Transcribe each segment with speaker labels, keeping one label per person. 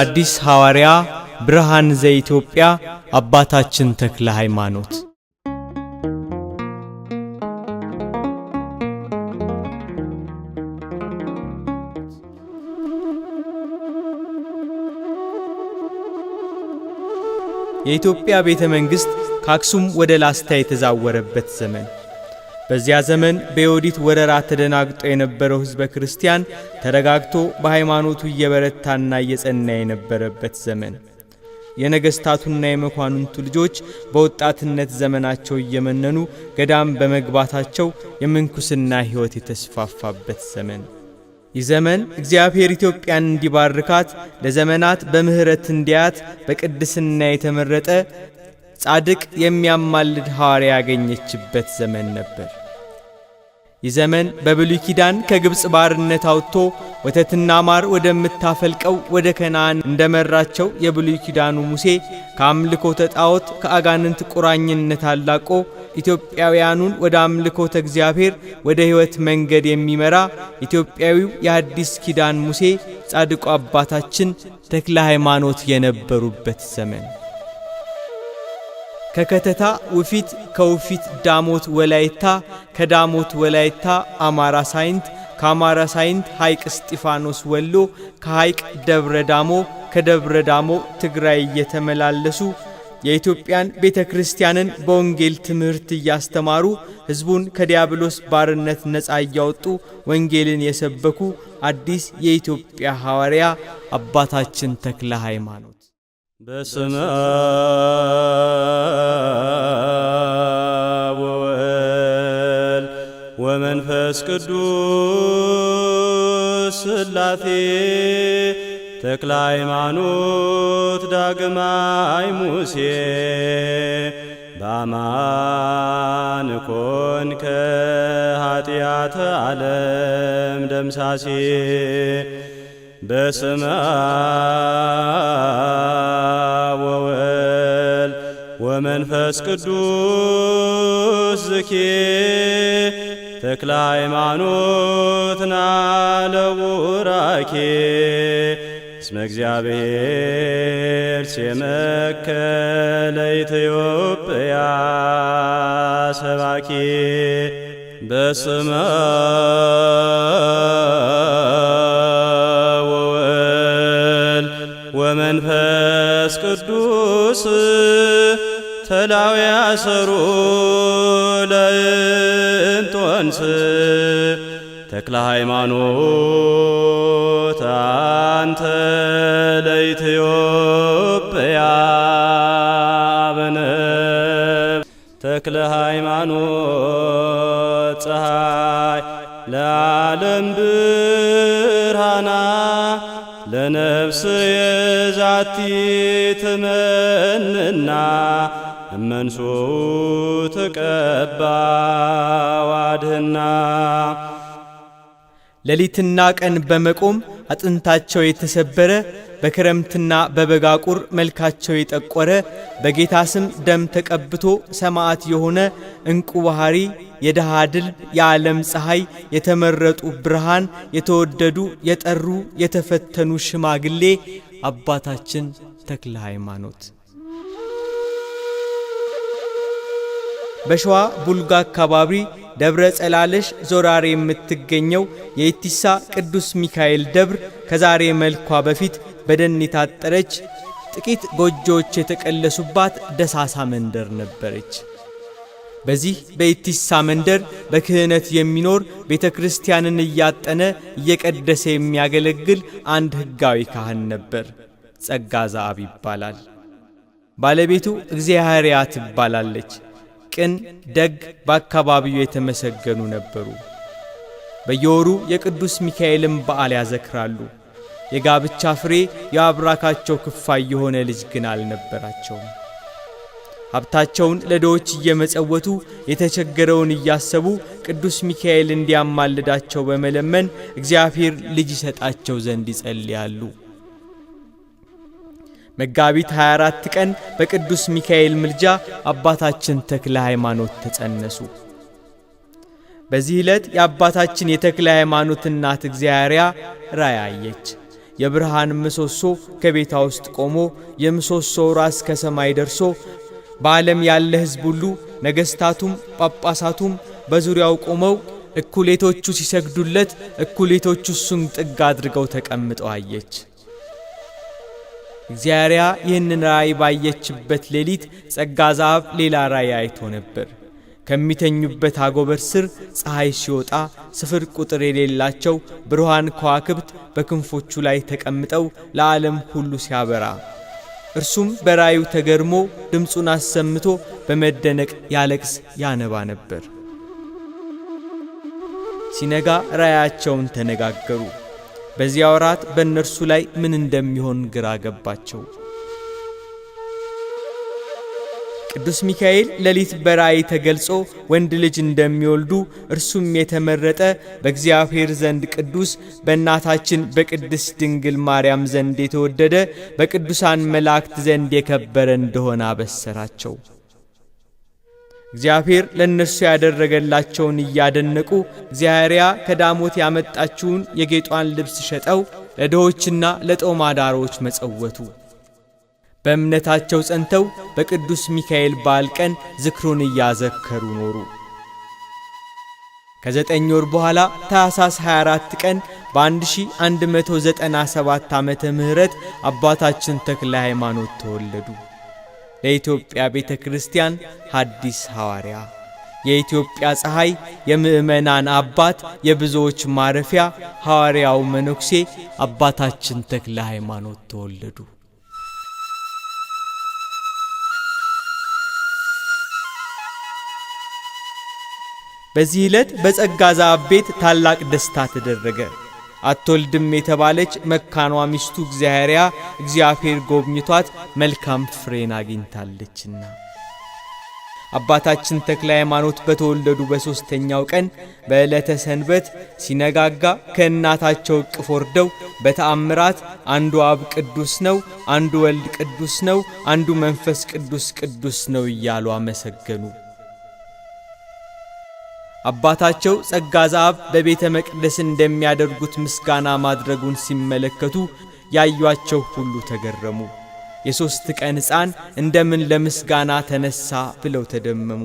Speaker 1: አዲስ ሐዋርያ ብርሃን ዘኢትዮጵያ አባታችን ተክለ ሃይማኖት የኢትዮጵያ ቤተ መንግሥት ከአክሱም ወደ ላስታ የተዛወረበት ዘመን በዚያ ዘመን በዮዲት ወረራ ተደናግጦ የነበረው ሕዝበ ክርስቲያን ተረጋግቶ በሃይማኖቱ እየበረታና እየጸና የነበረበት ዘመን የነገሥታቱና የመኳንንቱ ልጆች በወጣትነት ዘመናቸው እየመነኑ ገዳም በመግባታቸው የምንኩስና ሕይወት የተስፋፋበት ዘመን። ይህ ዘመን እግዚአብሔር ኢትዮጵያን እንዲባርካት ለዘመናት በምሕረት እንዲያት በቅድስና የተመረጠ ጻድቅ የሚያማልድ ሐዋርያ ያገኘችበት ዘመን ነበር። ይህ ዘመን በብሉይ ኪዳን ከግብፅ ባርነት አውጥቶ ወተትና ማር ወደምታፈልቀው ወደ ከነአን እንደመራቸው የብሉይ ኪዳኑ ሙሴ ከአምልኮተ ጣዖት ከአጋንንት ቁራኝነት አላቆ ኢትዮጵያውያኑን ወደ አምልኮተ እግዚአብሔር ወደ ሕይወት መንገድ የሚመራ ኢትዮጵያዊው የአዲስ ኪዳን ሙሴ ጻድቁ አባታችን ተክለ ሃይማኖት የነበሩበት ዘመን ከከተታ ውፊት ከውፊት ዳሞት ወላይታ ከዳሞት ወላይታ አማራ ሳይንት ከአማራ ሳይንት ሐይቅ እስጢፋኖስ ወሎ ከሐይቅ ደብረ ዳሞ ከደብረ ዳሞ ትግራይ እየተመላለሱ የኢትዮጵያን ቤተ ክርስቲያንን በወንጌል ትምህርት እያስተማሩ ሕዝቡን ከዲያብሎስ ባርነት ነፃ እያወጡ ወንጌልን የሰበኩ አዲስ የኢትዮጵያ ሐዋርያ አባታችን ተክለ ሃይማኖት
Speaker 2: በስመ አብ ወወልድ ወመንፈስ ቅዱስ ሥላሴ ተክለ ሃይማኖት ዳግማይ ሙሴ በአማን ኮንከ ኃጢአተ ዓለም ደምሳሴ በስመ አብ ወወልድ ወመንፈስ ቅዱስ ዝኪ ተክለ ሃይማኖት ናለው ራኬ እስመ እግዚአብሔር ሴመከለ ኢትዮጵያ ሰባኬ በስመ ቅዱስ ተላው ያሰሩ ለእንጦንስ ተክለ ሃይማኖት አንተ ለኢትዮጵያ በነብ ተክለ ሃይማኖት ፀሐይ ለዓለም ብርሃ ነፍስ የዛቲ ትመንና እመንሱ ትቀባ
Speaker 1: ሌሊትና ቀን በመቆም አጥንታቸው የተሰበረ በክረምትና በበጋ ቁር መልካቸው የጠቆረ በጌታ ስም ደም ተቀብቶ ሰማዕት የሆነ እንቁ ባሕሪ የድሃ ድል የዓለም ፀሐይ የተመረጡ ብርሃን የተወደዱ የጠሩ የተፈተኑ ሽማግሌ አባታችን ተክለ ሃይማኖት በሸዋ ቡልጋ አካባቢ ደብረ ጸላለሽ ዞራሬ የምትገኘው የኢቲሳ ቅዱስ ሚካኤል ደብር ከዛሬ መልኳ በፊት በደን የታጠረች ጥቂት ጎጆዎች የተቀለሱባት ደሳሳ መንደር ነበረች። በዚህ በኢቲሳ መንደር በክህነት የሚኖር ቤተ ክርስቲያንን እያጠነ እየቀደሰ የሚያገለግል አንድ ሕጋዊ ካህን ነበር። ጸጋ ዘአብ ይባላል። ባለቤቱ እግዚአብሔርያ ትባላለች። ቅን፣ ደግ፣ በአካባቢው የተመሰገኑ ነበሩ። በየወሩ የቅዱስ ሚካኤልን በዓል ያዘክራሉ። የጋብቻ ፍሬ የአብራካቸው ክፋይ የሆነ ልጅ ግን አልነበራቸውም። ሀብታቸውን ለዶዎች እየመጸወቱ የተቸገረውን እያሰቡ ቅዱስ ሚካኤል እንዲያማልዳቸው በመለመን እግዚአብሔር ልጅ ይሰጣቸው ዘንድ ይጸልያሉ። መጋቢት 24 ቀን በቅዱስ ሚካኤል ምልጃ አባታችን ተክለ ሃይማኖት ተጸነሱ። በዚህ ዕለት የአባታችን የተክለ ሃይማኖት እናት እግዚአርያ ራእይ አየች። የብርሃን ምሰሶ ከቤታ ውስጥ ቆሞ የምሰሶው ራስ ከሰማይ ደርሶ በዓለም ያለ ሕዝብ ሁሉ ነገሥታቱም ጳጳሳቱም በዙሪያው ቆመው እኩሌቶቹ ሲሰግዱለት፣ እኩሌቶቹ እሱን ጥግ አድርገው ተቀምጠው አየች። እግዚአብሔር ይህንን ራእይ ባየችበት ሌሊት ጸጋ ዛብ ሌላ ራእይ አይቶ ነበር። ከሚተኙበት አጎበር ስር ፀሐይ ሲወጣ ስፍር ቁጥር የሌላቸው ብርሃን ከዋክብት በክንፎቹ ላይ ተቀምጠው ለዓለም ሁሉ ሲያበራ እርሱም በራዩ ተገርሞ ድምፁን አሰምቶ በመደነቅ ያለቅስ ያነባ ነበር። ሲነጋ ራያቸውን ተነጋገሩ። በዚያው ወራት በእነርሱ ላይ ምን እንደሚሆን ግራ ገባቸው። ቅዱስ ሚካኤል ሌሊት በራእይ ተገልጾ ወንድ ልጅ እንደሚወልዱ እርሱም የተመረጠ በእግዚአብሔር ዘንድ ቅዱስ በእናታችን በቅድስት ድንግል ማርያም ዘንድ የተወደደ በቅዱሳን መላእክት ዘንድ የከበረ እንደሆነ አበሰራቸው። እግዚአብሔር ለእነርሱ ያደረገላቸውን እያደነቁ እግዚአርያ ከዳሞት ያመጣችውን የጌጧን ልብስ ሸጠው ለድሆችና ለጦማዳሮች መጸወቱ። በእምነታቸው ጸንተው በቅዱስ ሚካኤል በዓል ቀን ዝክሩን እያዘከሩ ኖሩ። ከዘጠኝ ወር በኋላ ታኅሳስ 24 ቀን በ1197 ዓመተ ምህረት አባታችን ተክለ ሃይማኖት ተወለዱ። ለኢትዮጵያ ቤተ ክርስቲያን ሐዲስ ሐዋርያ፣ የኢትዮጵያ ፀሐይ፣ የምዕመናን አባት፣ የብዙዎች ማረፊያ ሐዋርያው መነኩሴ አባታችን ተክለ ሃይማኖት ተወለዱ። በዚህ ዕለት በጸጋ ዛብ ቤት ታላቅ ደስታ ተደረገ። አትወልድም የተባለች መካኗ ሚስቱ እግዚአብሔርያ እግዚአብሔር ጎብኝቷት መልካም ፍሬን አግኝታለችና። አባታችን ተክለ ሃይማኖት በተወለዱ በሦስተኛው ቀን በዕለተ ሰንበት ሲነጋጋ ከእናታቸው እቅፍ ወርደው በተአምራት አንዱ አብ ቅዱስ ነው፣ አንዱ ወልድ ቅዱስ ነው፣ አንዱ መንፈስ ቅዱስ ቅዱስ ነው እያሉ አመሰገኑ። አባታቸው ጸጋ ዘአብ በቤተ መቅደስ እንደሚያደርጉት ምስጋና ማድረጉን ሲመለከቱ ያዩአቸው ሁሉ ተገረሙ። የሦስት ቀን ሕፃን እንደምን ለምስጋና ተነሣ ብለው ተደመሙ።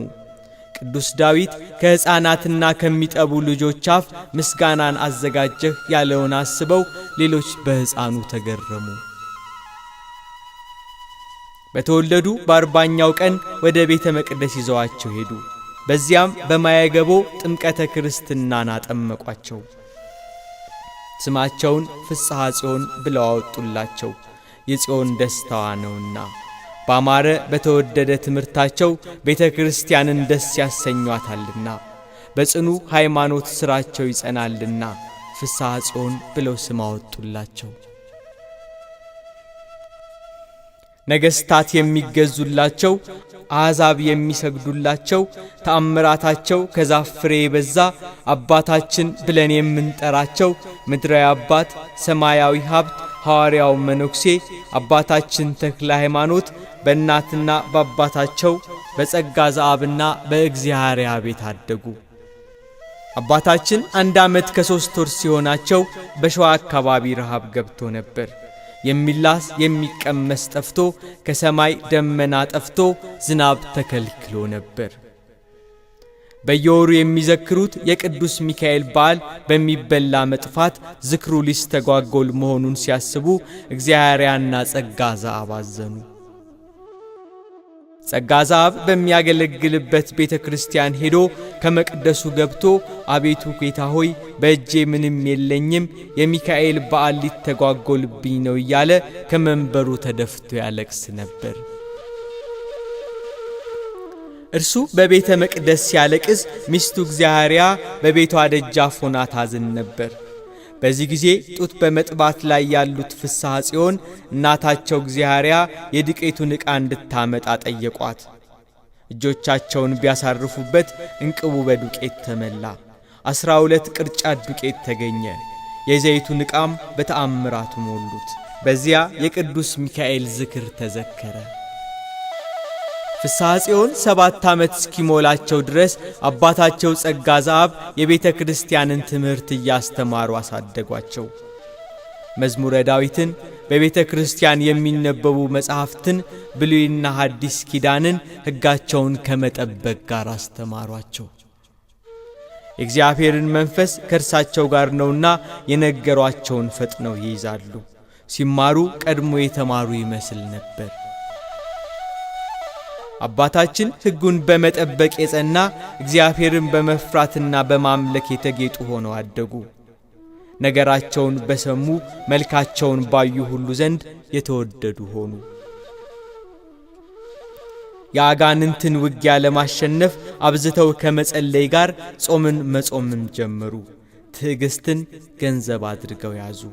Speaker 1: ቅዱስ ዳዊት ከሕፃናትና ከሚጠቡ ልጆች አፍ ምስጋናን አዘጋጀህ ያለውን አስበው ሌሎች በሕፃኑ ተገረሙ። በተወለዱ በአርባኛው ቀን ወደ ቤተ መቅደስ ይዘዋቸው ሄዱ። በዚያም በማያገቦ ጥምቀተ ክርስትናን አጠመቋቸው። ስማቸውን ፍስሐ ጽዮን ብለው አወጡላቸው፣ የጽዮን ደስታዋ ነውና። ባማረ በተወደደ ትምህርታቸው ቤተ ክርስቲያንን ደስ ያሰኟታልና፣ በጽኑ ሃይማኖት ሥራቸው ይጸናልና፣ ፍስሐ ጽዮን ብለው ስም አወጡላቸው። ነገሥታት የሚገዙላቸው፣ አሕዛብ የሚሰግዱላቸው፣ ተአምራታቸው ከዛፍ ፍሬ የበዛ አባታችን ብለን የምንጠራቸው ምድራዊ አባት፣ ሰማያዊ ሀብት፣ ሐዋርያው መነኩሴ አባታችን ተክለ ሃይማኖት በእናትና በአባታቸው በጸጋ ዘአብና በእግዚአርያ ቤት አደጉ። አባታችን አንድ ዓመት ከሦስት ወር ሲሆናቸው በሸዋ አካባቢ ረሃብ ገብቶ ነበር። የሚላስ የሚቀመስ ጠፍቶ ከሰማይ ደመና ጠፍቶ ዝናብ ተከልክሎ ነበር። በየወሩ የሚዘክሩት የቅዱስ ሚካኤል በዓል በሚበላ መጥፋት ዝክሩ ሊስተጓጎል መሆኑን ሲያስቡ እግዚአብሔር ያና ጸጋ ዘአባዘኑ። ጸጋ ዘአብ በሚያገለግልበት ቤተ ክርስቲያን ሄዶ ከመቅደሱ ገብቶ አቤቱ ጌታ ሆይ በእጄ ምንም የለኝም፣ የሚካኤል በዓል ሊተጓጎልብኝ ነው እያለ ከመንበሩ ተደፍቶ ያለቅስ ነበር። እርሱ በቤተ መቅደስ ሲያለቅስ፣ ሚስቱ እግዚአርያ በቤቷ ደጃፍ ሆና ታዝን ነበር። በዚህ ጊዜ ጡት በመጥባት ላይ ያሉት ፍስሐ ጽዮን እናታቸው እግዚሐርያ የዱቄቱን ዕቃ እንድታመጣ ጠየቋት። እጆቻቸውን ቢያሳርፉበት እንቅቡ በዱቄት ተመላ። አስራ ሁለት ቅርጫት ዱቄት ተገኘ። የዘይቱን ዕቃም በተአምራት ሞሉት። በዚያ የቅዱስ ሚካኤል ዝክር ተዘከረ። ፍስሐ ጽዮን ሰባት ዓመት እስኪሞላቸው ድረስ አባታቸው ጸጋ ዛአብ የቤተ ክርስቲያንን ትምህርት እያስተማሩ አሳደጓቸው። መዝሙረ ዳዊትን፣ በቤተ ክርስቲያን የሚነበቡ መጻሕፍትን፣ ብሉይና ሐዲስ ኪዳንን ሕጋቸውን ከመጠበቅ ጋር አስተማሯቸው። የእግዚአብሔርን መንፈስ ከእርሳቸው ጋር ነውና የነገሯቸውን ፈጥነው ይይዛሉ። ሲማሩ ቀድሞ የተማሩ ይመስል ነበር። አባታችን ሕጉን በመጠበቅ የጸና እግዚአብሔርን በመፍራትና በማምለክ የተጌጡ ሆነው አደጉ። ነገራቸውን በሰሙ መልካቸውን ባዩ ሁሉ ዘንድ የተወደዱ ሆኑ። የአጋንንትን ውጊያ ለማሸነፍ አብዝተው ከመጸለይ ጋር ጾምን መጾምን ጀመሩ። ትዕግስትን ገንዘብ አድርገው ያዙ።